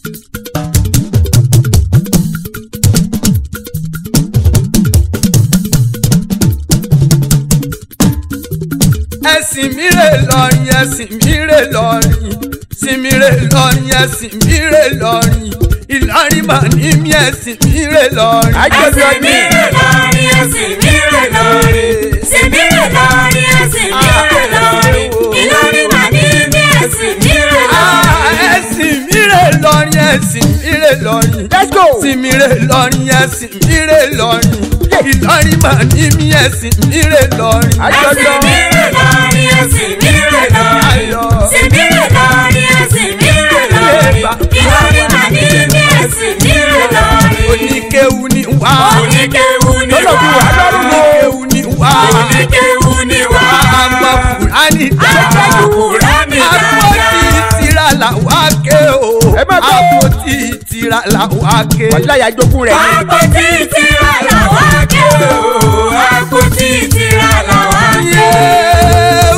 ẹ̀sìn mire lọrin ẹ̀sìn mire lọrin simire lọrin ẹ̀sìn mire lọrin ìlọrin mà ní mi ẹ̀sìn mire lọrin. ẹ̀sìn mire lọrin ẹ̀sìn mire lọrin simire lọrin ẹ̀sìn mire lọrin ah, ìlọrin mà. ẹ̀sìn ire lọ́rin. let's go. sinmi re lọ́rin ẹ̀sìn ire lọ́rin. ìlọrin mà ní mi ẹ̀sìn ire lọ́rin. àjọyọ̀ ẹ̀sìn ire lọ́rin ẹ̀sìn ire lọ́rin. sinmi re lọ́rin ẹ̀sìn ire ìlọrin mà ní mi ẹ̀sìn ire lọ́rin. oníkéwu ni wá. oníkéwu ni wá. lọ́lọ́kùnrin wa lọ́rùn. oníkéwu ni wá. oníkéwu ni wá. àmọ́ fúlàní dá. tira làwọn àkè. wàláyà jogún rẹ̀. àpótí tira làwọn àkè o àpótí tira làwọn àkè.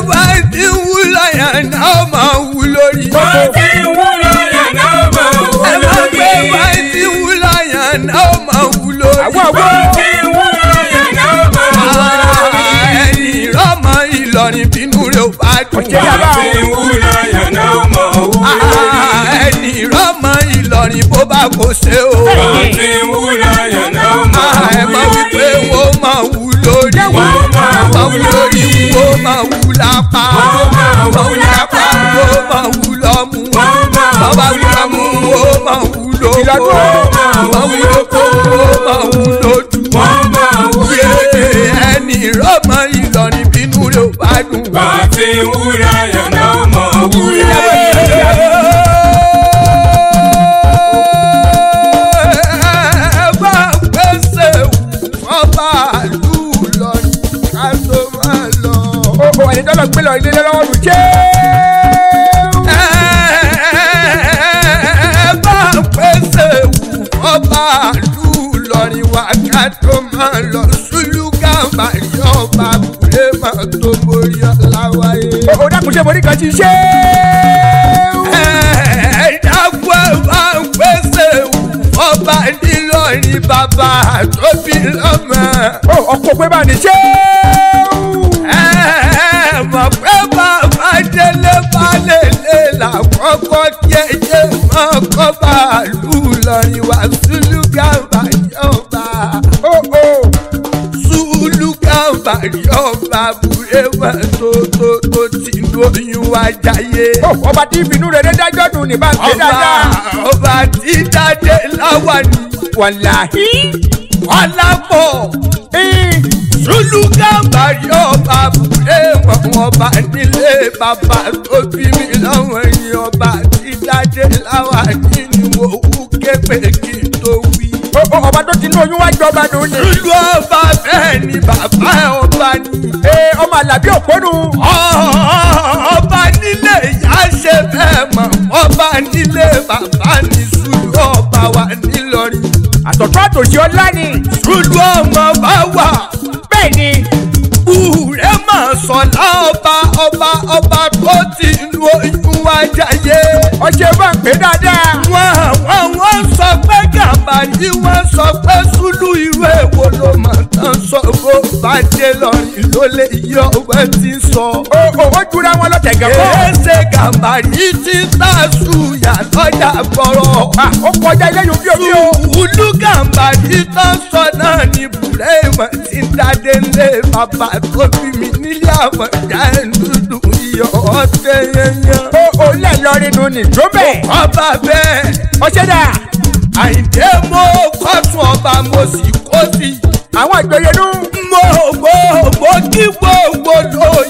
bá a ti wú lọ́yà náà máa wú lórí. bá a ti wú lọ́yà náà máa wú lórí. ẹ má bá ti wú lọ́yà náà máa wú lórí. àwọn àwọn. bá ti wú lọ́yà náà máa wú lórí. ẹ̀yìn ìrọ́mọ Ìlọrin bínú rẹ̀ ò bá dùn. ni bó bá kò ṣe o. wọ́n ti ah, wúlò yànnà máa ẹ máa wí pé wọ́n máa wú lórí wọ́n máa wú lórí wọ́n máa wú lápá wọ́n máa wú lápá wọ́n máa wú lọ́mú wọ́n máa wú lọ́mú wọ́n máa wú lọ́mú. ṣiṣẹ́. ẹ̀dá wa máa ń pèsè ọba nílọrin bàbá tó bí lọ́mọ. ọkọ̀ pé bá ní ṣe. mọ̀ pé bàbá délé balẹ̀ lè làkọ́kọ́ jẹ́jẹ́ mọ́ kọ́ bàálù lọ́rin wá sùlùkà bàjọba. sùlùkà bàjọba bùrẹ́wà tó tó tó ti lóyún olúwa jayé. ọba tí ìbínú rere dájọ́ dùn ní báńkì dáadáa. ọba tí dáadé láwà ní. wàláhí alápọ̀ sùlùkàbàrí ọba àbúlé wọn ọba nílé bàbá tó bí mi lọ́wọ́ ẹ̀yìn ọba tí dáadé ní ni mo wú képe kí n tó wí. ọba tó ti ní oyún wá jọba ló ní. sùlù ọba bẹ́ẹ̀ ni bàbá ọba ni. ọmọ àlàbí òpónú. ọ̀ọ́ nílé bàbá ni sùúrù ọba wa nílọrin. àtọ̀tọ̀ àtòjì ọlá ni. sùúrù ọmọ bá wà. bẹ́ẹ̀ ni. wúrẹ́ máa sọ láọba ọba ọba tó ti lu oyún wa jayé. ọṣẹ bá ń pè dáadáa. wọ́n àwọn wọ́n sọ pé gàmbá ni wọ́n sọ pé sùúrù irú èwo ló máa tán sọ bó bá dé lọrin ló lè yọ ọwọ́ ti sọ. o ò jura wọn lọ tẹ̀gẹ̀ fún. èsè àmàrí títà ṣùyà lọ́jà bọ̀rọ̀. ó kọjá ilé yòókì omi o. sùúrù gàmàrí tó sọ náà ni bùrẹ́ ìmọ̀ ti ń dáadé lé bàbá tó bí mi nílé àmọ̀já ẹ̀ ń dúdú iyọ̀ ọ̀tẹ̀ yẹnyẹn. ó olè lọrin nù ní tó bẹ́ẹ̀. ọba bẹ́ẹ̀. ọṣẹ́ dà. àyìndé mo kọ́sùn ọba mo sì kó sí. àwọn àgbẹ̀yẹnú. mo mo mo kí wo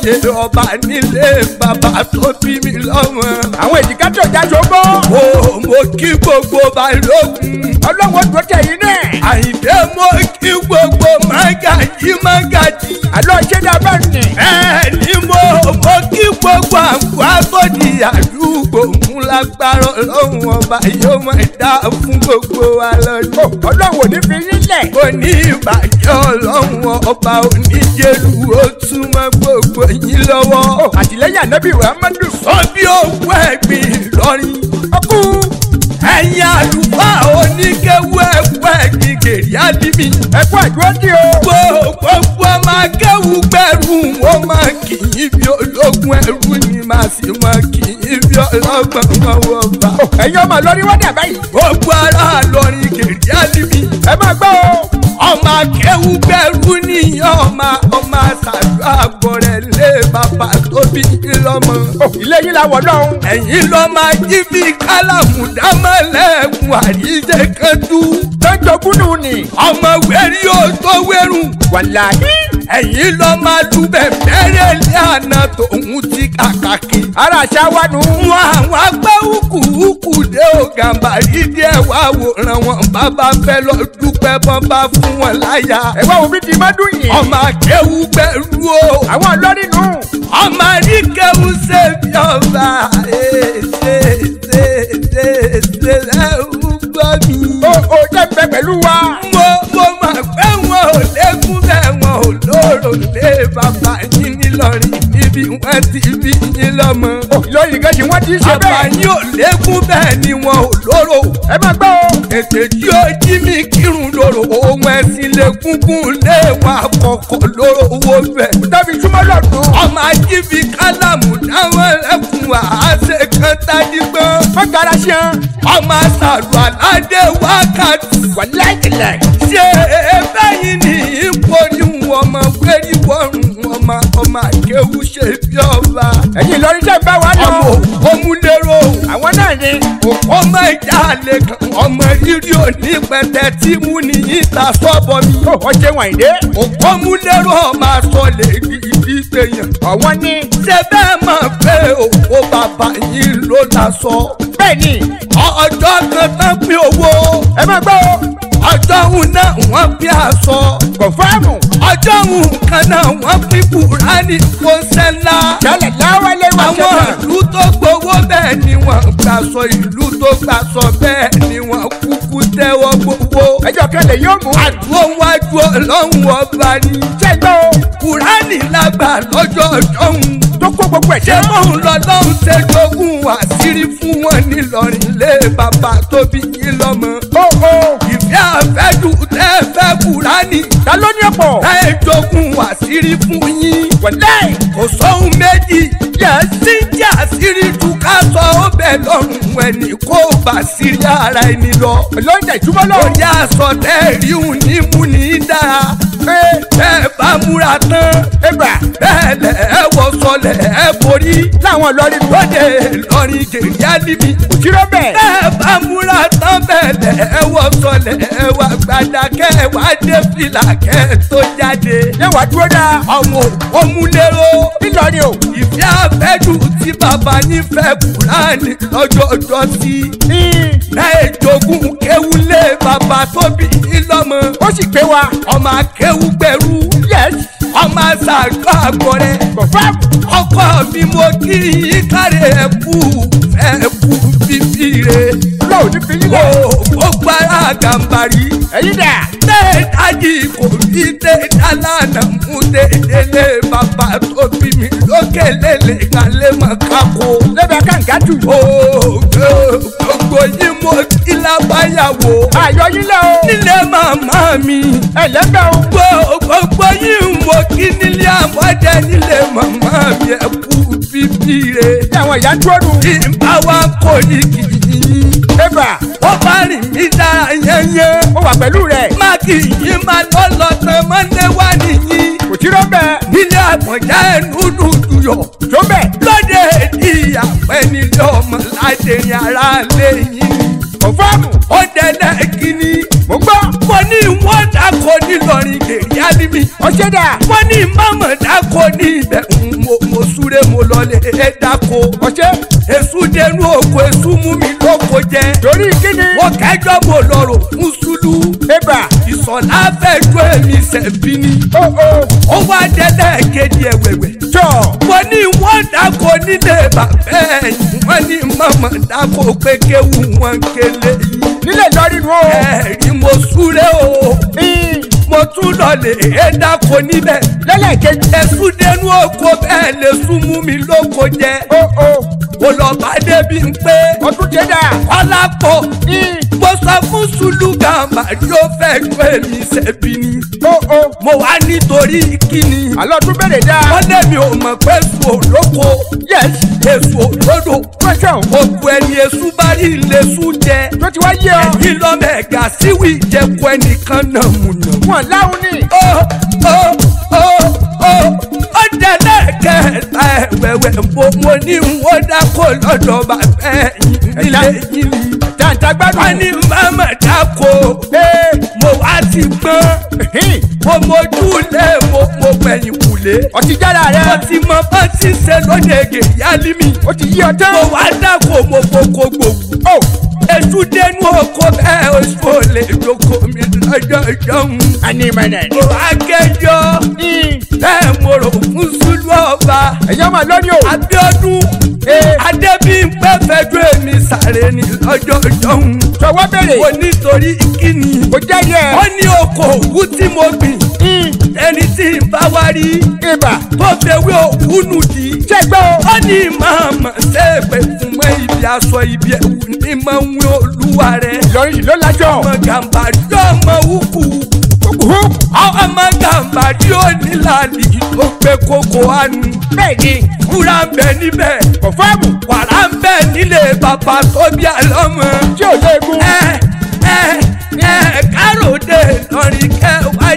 òye lọ́ba nílé bàbá tó bí mi lọ́mọ. àwọn èjìká tó jájọ gbọ́. mo mo kí gbogbo balógun. ọlọ́wọ́ tó tẹ̀ yín náà. àyìnbẹ́ mo kí gbogbo mágàjí mágàjí. àlọ́ ṣé dábàá nì. ẹ ní mo mo kí gbogbo àǹkó àbọ̀dì àdúgbò lágbára ọlọ́run ọba yóò máa dá fún gbogbo wa lọ́jọ́. Oh, ọlọ́run ò ní fi nílẹ̀. kò ní ìbàjẹ́ ọlọ́run ọba oníjẹ́lu ó túmọ̀ gbogbo yín lọ́wọ́. Oh, àtìlẹ́yìn ànábì Muhammadu. sọ bí owó ẹ̀gbìn Ìlọrin ẹ̀yin àlùfáà oníkéwú ẹ̀kọ́ ẹ̀gbìn gèrè ádìmí. ẹ̀kọ́ ẹ̀dúró dì o. gbogbo ọmọ akéwú gbẹ̀rù wọn máa kì í bí ológun ẹrú ni màá sì máa kì í bí ọlọ́gbọ̀n wọn wọ bá. ẹ̀yin ọmọ lórí wọ́n dẹ̀ báyìí. gbogbo ará lórí gèrè ádìmí. ẹ máa gbọ́ o. ọmọ akéwú gbẹ̀rù nìyẹn ọmọ ọmọ àṣàjọ àgbọ̀rẹ̀ lé bàbá fi ìlọmọ. ilé yín la wọ̀ lọ́hùn. ẹ̀yin ló máa jí bí kálàmù dámọ̀lẹ́gùn àríjẹ kan dú. tọ́jọ́ ni ọmọ wẹ́rí ó tó wẹ́rù. wàláhí ẹ̀yin lọ máa lúbẹ̀ bẹ́rẹ̀ lé àná tòun ti kàkàkì. ara ṣáwádù wọn àwọn agbẹ́ ukù ukù dé o gàmbàrí díẹ̀ wá wòran wọn bàbá fẹ́ lọ dúpẹ́ bọ́n bá fún wọn láyà. ẹ̀wọ́n òbí di mọ́dún yìí. ọmọ akéwu gbẹ̀rú o. àwọn ọlọ́rin nù. ọmọ àríkẹ́wù ṣe bí ọba ṣe ṣe ṣe ṣe ṣe lẹ́hùn gbọ́ mi. o ò jẹ́ pẹ́ pẹ̀lú wa. bàbá yín nílọrin ibi wọ́n ti bí yín lọ́mọ. Oh, ìlọrin kejì wọ́n ti ṣe bẹ́ẹ̀. bàbá ò lékún bẹ́ẹ̀ ni wọn ò lóró. ẹ máa gbọ́ ètè tí ó jí mi kírun lóró ohun ẹ̀sìn lè lé wa kọ̀kọ̀ lóró owó bẹ̀. tàbí súnmọ́ lọ́dún. ọmọ ají fi kálàmù dáwọn ẹkùn àáṣe kan tájí gbọ́n. wọ́n gara ṣan. ọmọ àṣàlù aládé wákàtí. wàlẹ́ ìkìlẹ̀. ṣé ṣe bí ọba. ẹ̀yin Ìlọrin tẹ́ bá wa lọ. ọmọ òmùlérò. àwọn náà ni. ọmọ ìjà àlè kan. ọmọ rírì òní pẹ̀tẹ́ tí mú ni yín ta sọ́bọ̀ mi. ó ṣe wàyíndé. òmùlérò máa sọ lè ibi gbẹ̀yàn. àwọn ni. ṣé bẹ́ẹ̀ mọ̀ pé òwò bàbá yìí ló ta sọ. bẹ́ẹ̀ ni. ọjọ́ kan tán pín owó. ẹ má gbọ́ o ọjọ́hun náà wọ́n fi aṣọ kọ̀fẹ́mù ọjọ́hun kan náà wọ́n fi kùránì kó sẹ́lá. jẹ́lẹ̀ láwọn lè wọ́n jẹ́ náà. àwọn ìlú tó gbowó bẹ́ẹ̀ ni wọ́n gbàsọ ìlú tó gbàsọ bẹ́ẹ̀ ni wọ́n kúkú tẹ́wọ́ gbowó. ẹjọ́ kẹlẹ̀ yóò mú. àdúró wájú ọlọ́run ọba ni. ṣé gbọ́. kùránì lágbà lọ́jọ́ ọjọ́hun tó kó gbogbo ẹ̀jẹ̀. ṣé mòun lọ́lọ́run ṣe jogún àṣírí fún wọn nílọrin lé bàbá tóbi yìí lọ́mọ. ó ó a fẹ́ dùn tẹ́ ẹ fẹ́ Kùránì. ta ló ní ọ̀pọ̀. ẹ jogún àṣírí fún yín. wọlé kò sóhun méjì yẹsí jẹ́ àṣírí tu ká sọ ó bẹ̀ lọ́rùn ẹni kó bá sírí ara ẹni lọ. lọ́jà ìtumọ̀ lọ. lórí aṣọ tẹ́ ríhun ní múni dára. bẹ́ẹ̀ bá múra tán. bẹ́ẹ̀ lẹ́ẹ̀ fọwọ́ sọlẹ̀ ẹ borí. láwọn lọrin lóde lọrin gèrè alibi. òṣìrò bẹ́ẹ̀. bẹ́ẹ̀ bá múra tán bẹ̀lẹ̀ ẹ wọ sọlẹ̀ ẹ wà gbàdá kẹ́ ẹ wá dé fìlà kẹ́ ẹ tó jáde. ṣé wàá dúró dáa. ọmọ òmùlérò. nítorí o. ìfẹ́ abẹ́dù tí bàbá nífẹ̀ẹ́ kúránì lọ́jọ́ ọjọ́ sí. náà èjogún kéwulé bàbá tóbi ńlọmọ. ó sì pé wa. ọmọ akéwú gbẹrú. yẹ́sì ṣàgbọ́ àgbọ̀rẹ́ ọkọ mi mo kí i káre ẹ̀kú ẹ̀kú bíbí rẹ̀ ó gbára gàmbarí tẹ́ẹ̀dájì kò bí tẹ́ẹ̀dálànà mú dédélé bàbá tó bí mi lókè lélẹ̀ kálẹ̀ mọ́ kákó. lẹ́bàá kàǹkà jù. gbogbo yín mo kí lábáyàwó. àyọ̀yílẹ̀ o. nílé màmá mi. ẹ̀lẹ́bẹ̀ o. gbogbo yín kí nílé àmọ́jẹ nílé màmá mi ẹ kú bíbí re. ṣé àwọn ìyá ń tó dùn. kí n bá wa kó ní kìkì. ébà. ó bá rìn mí dára yẹ́nyẹ́. ó wà pẹ̀lú rẹ̀. má kì í yín máa lọ lọ tán mọ́ndé wá nìyí. kò tí rọ́ bẹ́ẹ̀. nílé àmọ́jẹ ẹnu dùn dùyọ̀. tó bẹ̀. lóde èdè ìyàpẹ́ nílé ọmọ láti rìn ara lẹ́yìn. kọ̀fọ́ọ̀mù. ó dẹ́lẹ̀ kíní wọ́n dáko ní lọ́rin gèrè alimi. ọ̀ṣẹ́dà. wọ́n ní mọ̀mọ́ dáko ní ibẹ̀ mo súré mo lọlé ẹ dáko ọṣẹ èṣù dẹnu oko èṣù mú mi lóko jẹ. torí kíni. mo kẹjọ mo lọrọ musulu. eba. ìsọ̀lá fẹ́ jó èmi sẹ̀bi ni. Oh, oh. ó wá dẹ́lẹ̀ kéde ẹ̀wẹ̀wẹ̀. jọ. mo ní wọ́n dáko nílé bàbá ẹ̀ wọ́n ní màmá dáko pé kéwu wọn kélé yìí. nílẹ̀ lọ́rí nu o. ẹ̀rí mo súré o. ìyá mo tún lọlẹ̀ ẹ dáko níbẹ̀ lẹ́lẹ̀kejì ẹ súndẹ́nu oko bẹ́ẹ̀ lè sún mú mi lóko jẹ. Oh, oh mo lọ bá débi ń pé. ọdún jẹ dà. kọ́lá pọ̀ mo sọ fún sùlùkà màdìó fẹ́ pé mi ṣẹ̀bi ni. mo wá nítorí kíni. àlọ́ ọdún bẹ̀rẹ̀ dá. wọ́n lẹ́mi ò mọ̀ pé èso olóko. yes èso olódò. pẹ̀sẹ̀ o. òkú ẹni èso bá rí ilé sùn jẹ. tó ti wá yé ọ. ẹ̀yin lọ́mẹ̀ẹ́gà síwì jẹ́ kó ẹnìkan náà mú nà. wọ́n láwọn ni. wẹ́wẹ́ mo mo ní wọ́n dákọ̀ lọ́dọ̀ bàbá ẹ̀yìn nílé yìí jàǹtàgbàdo wọn ní màmá dákọ̀ mo wá ti gbọ́n mo mojú lé mo mo gbẹ̀yìn kùlé. ọtí jára rẹ. mo ti mọ bá ti ṣe lóde ègè yálí mi. ó ti yí ọtá. mo wá dákọ̀ mo kókó gbòòwò. ètú dénú oko bẹ́ẹ̀ oṣù olè dóko mi lọ́jọ́ ìjọ́hún. ẹni mẹ́nẹ̀. mo wá kẹjọ bẹ́ẹ̀ mo rò fún bàbá. ẹ̀yọ́ mà lónìí o. Abíọ́dún Adébímpẹ́ fẹ́jú èmi sàré ni lọ́jọ́ jọ̀hún. sọwọ́ bèrè. o nítorí kíni. kò jẹ́ yẹ. ó ní oko òwú tí mo gbìn. Hmm. ẹni tí n bá wá rí. ibà. tó fẹ́wé òwú nù di. ṣẹ́gbẹ́ o. ó ní màmá ṣègbè fún mọ́ ibi aṣọ ibi ẹ̀wù ní mọ́ ń wí olúwa rẹ̀. Ìlọrin yìí ọmọ gàmbá yóò mọ wúkú. ọmọ àbádí onílànì ó gbé kókó àánú. bẹ́ẹ̀ni wúrà ń bẹ níbẹ̀. kọfọọmù. wàrà ń bẹ nílé bàbá tó bí àlọmọ. tí ò léegun. ẹ ẹ ẹ káròdé lọrin kẹ wá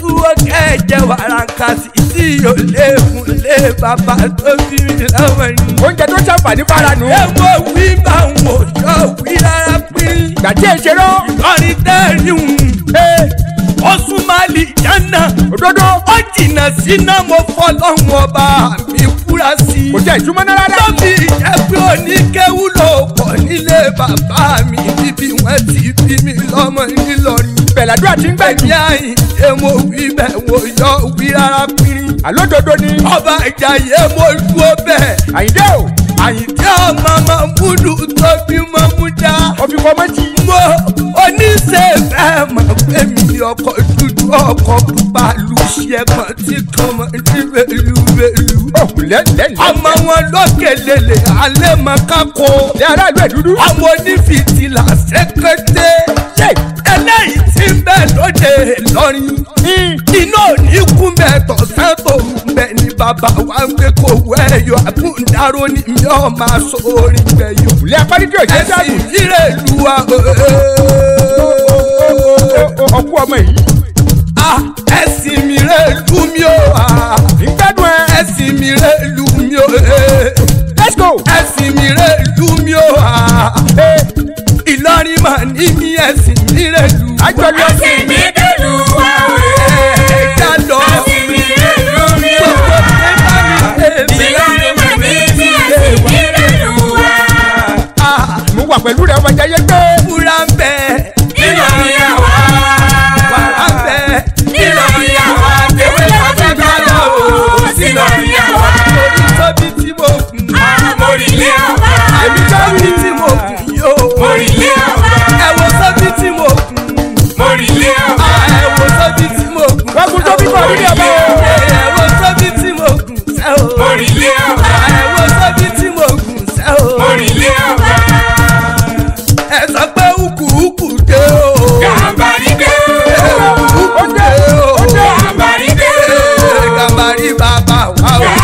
túwọ kẹ jẹ wàrà kàsí tí ò léegun lé bàbá tó bí mi oúnjẹ tó ṣàǹfààní fara nù. ewo wí máa ń wò yọ wí rárá pín. gbàtí èsèrò. ìkọrin tẹ́ẹ̀rí wù ó súnmọ́ àlìjáná òdodo ó jìnnà síná mo fọlọ́hún ọba mi fúra sí i. kò jẹ́ ìtumọ̀ náírà rẹ̀. lọ́bì ìjẹ́ pé oníkéwú ló pọ̀ nílé bàbá mi níbi wọ́n ti bí mi lọ́mọ nílọrin. bẹ̀làdúrà ti ń gbẹ̀ mí àyìn ṣé mo wí bẹ́ẹ̀ wo yọ wí rárá pírín. àlódodo ni. ọba ìjàyè mo dúró bẹ́ẹ̀. àyíndé o. àyíndé ọmọ mọ̀múdù tóbi mọ̀múdà. òfin kọ́ mọ́tì. mo oníṣẹ́fẹ́ mọ̀ pé mi ọkọ̀ dúdú ọkọ̀ pupa lu ṣẹ́gbọ̀n tí kan mọ̀ ní relu relu. ọmọ wọn lókè lèlè alẹ́ mọ kákó. àwọn onífìtìlà ṣẹ́kẹ́tẹ́ eléyìí ti ń lóde lọ́rin. Hmm. iná ò ní kún bẹ́ẹ̀ tọ̀sán tòun bàbá wa ń gbé kó wẹ́ ẹ̀yọ àbúndàró ni mi ò máa so orin gbẹ̀yọ. ìpìlẹ̀ apádíjọ́ ìjẹ́ jáde. ẹ̀sìn ìrè lu wa ọkú ọmọ yìí. Ah, ẹ̀sìn mi rè lu mi o. Ah, ìgbádùn ẹ. ẹ̀sìn mi rè lu mi o. let's go. ẹ̀sìn mi rè lu mi o. Ah, Ìlọrin mà ní mi ẹ̀sìn mi rè lu. àjọyọ̀ sí i. rí bàbá wa o.